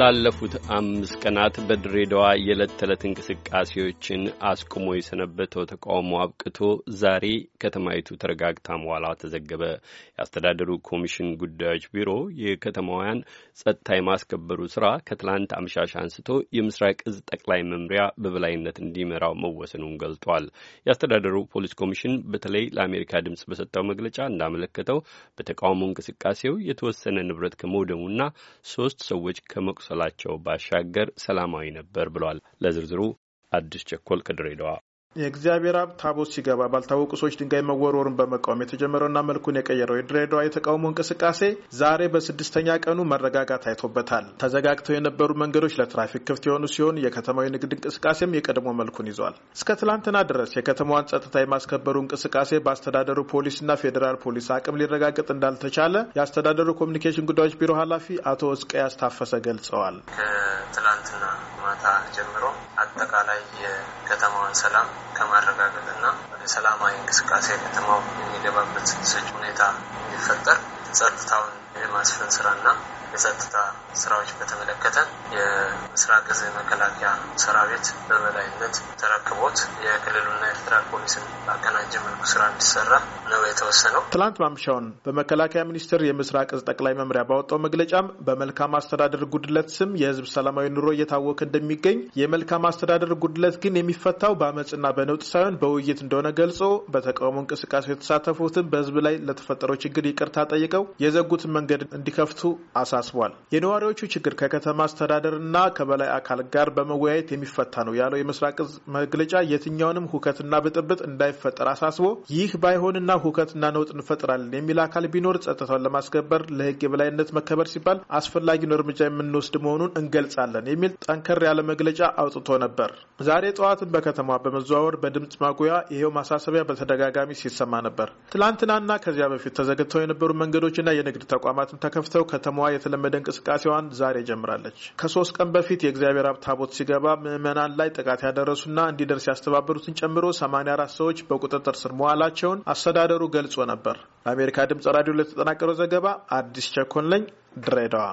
ላለፉት አምስት ቀናት በድሬዳዋ የዕለት ተዕለት እንቅስቃሴዎችን አስቁሞ የሰነበተው ተቃውሞ አብቅቶ ዛሬ ከተማይቱ ተረጋግታ መዋላ ተዘገበ። የአስተዳደሩ ኮሚሽን ጉዳዮች ቢሮ የከተማዋን ጸጥታ የማስከበሩ ስራ ከትላንት አመሻሽ አንስቶ የምስራቅ እዝ ጠቅላይ መምሪያ በበላይነት እንዲመራው መወሰኑን ገልጧል። የአስተዳደሩ ፖሊስ ኮሚሽን በተለይ ለአሜሪካ ድምፅ በሰጠው መግለጫ እንዳመለከተው በተቃውሞ እንቅስቃሴው የተወሰነ ንብረት ከመውደሙና ሶስት ሰዎች ከመቁ ከመቁሰላቸው ባሻገር ሰላማዊ ነበር ብሏል። ለዝርዝሩ አዲስ ቸኮል ከድሬዳዋ የእግዚአብሔር አብ ታቦት ሲገባ ባልታወቁ ሰዎች ድንጋይ መወርወሩን በመቃወም የተጀመረውና መልኩን የቀየረው የድሬዳዋ የተቃውሞ እንቅስቃሴ ዛሬ በስድስተኛ ቀኑ መረጋጋት ታይቶበታል። ተዘጋግተው የነበሩ መንገዶች ለትራፊክ ክፍት የሆኑ ሲሆን የከተማው ንግድ እንቅስቃሴም የቀድሞ መልኩን ይዟል። እስከ ትላንትና ድረስ የከተማዋን ጸጥታ የማስከበሩ እንቅስቃሴ በአስተዳደሩ ፖሊስና ፌዴራል ፖሊስ አቅም ሊረጋገጥ እንዳልተቻለ የአስተዳደሩ ኮሚኒኬሽን ጉዳዮች ቢሮ ኃላፊ አቶ እስቀያስ ታፈሰ ገልጸዋል። ከትላንትና ማታ ጀምሮ አጠቃላይ የከተማዋን ሰላም ከማረጋገጥና ወደ ሰላማዊ እንቅስቃሴ ከተማው የሚገባበት ሰጭ ሁኔታ እንዲፈጠር ጸጥታውን የማስፈን ስራና የጸጥታ ስራዎች በተመለከተ የምስራቅ እዝ መከላከያ ሰራዊት በበላይነት ተረክቦት የክልሉና ኤርትራ ፖሊስን ባቀናጀ መልኩ ስራ እንዲሰራ ነው የተወሰነው። ትላንት ማምሻውን በመከላከያ ሚኒስቴር የምስራቅ እዝ ጠቅላይ መምሪያ ባወጣው መግለጫም በመልካም አስተዳደር ጉድለት ስም የህዝብ ሰላማዊ ኑሮ እየታወከ እንደሚገኝ፣ የመልካም አስተዳደር ጉድለት ግን የሚፈታው በአመፅና በነውጥ ሳይሆን በውይይት እንደሆነ ገልጾ በተቃውሞ እንቅስቃሴ የተሳተፉትን በህዝብ ላይ ለተፈጠረው ችግር ይቅርታ ጠይቀው የዘጉትን መንገድ እንዲከፍቱ አሳስቧል። የነዋሪዎቹ ችግር ከከተማ አስተዳደርና ከበላይ አካል ጋር በመወያየት የሚፈታ ነው ያለው የምስራቅ መግለጫ የትኛውንም ሁከትና ብጥብጥ እንዳይፈጠር አሳስቦ ይህ ባይሆንና ሁከትና ነውጥ እንፈጥራለን የሚል አካል ቢኖር ጸጥታውን ለማስከበር ለሕግ የበላይነት መከበር ሲባል አስፈላጊውን እርምጃ የምንወስድ መሆኑን እንገልጻለን የሚል ጠንከር ያለ መግለጫ አውጥቶ ነበር። ዛሬ ጠዋትን በከተማ በመዘዋወር በድምፅ ማጉያ ይሄው ማሳሰቢያ በተደጋጋሚ ሲሰማ ነበር። ትላንትናና ከዚያ በፊት ተዘግተው የነበሩ መንገዶችና የንግድ ተቋማትን ተከፍተው ከተማዋ የተለመደ እንቅስቃሴ ትንበያዋን ዛሬ ጀምራለች። ከሶስት ቀን በፊት የእግዚአብሔር ሀብት ታቦት ሲገባ ምዕመናን ላይ ጥቃት ያደረሱና እንዲደርስ ያስተባበሩትን ጨምሮ 84 ሰዎች በቁጥጥር ስር መዋላቸውን አስተዳደሩ ገልጾ ነበር። ለአሜሪካ ድምጽ ራዲዮ ለተጠናቀረው ዘገባ አዲስ ቸኮን ለኝ ድሬዳዋ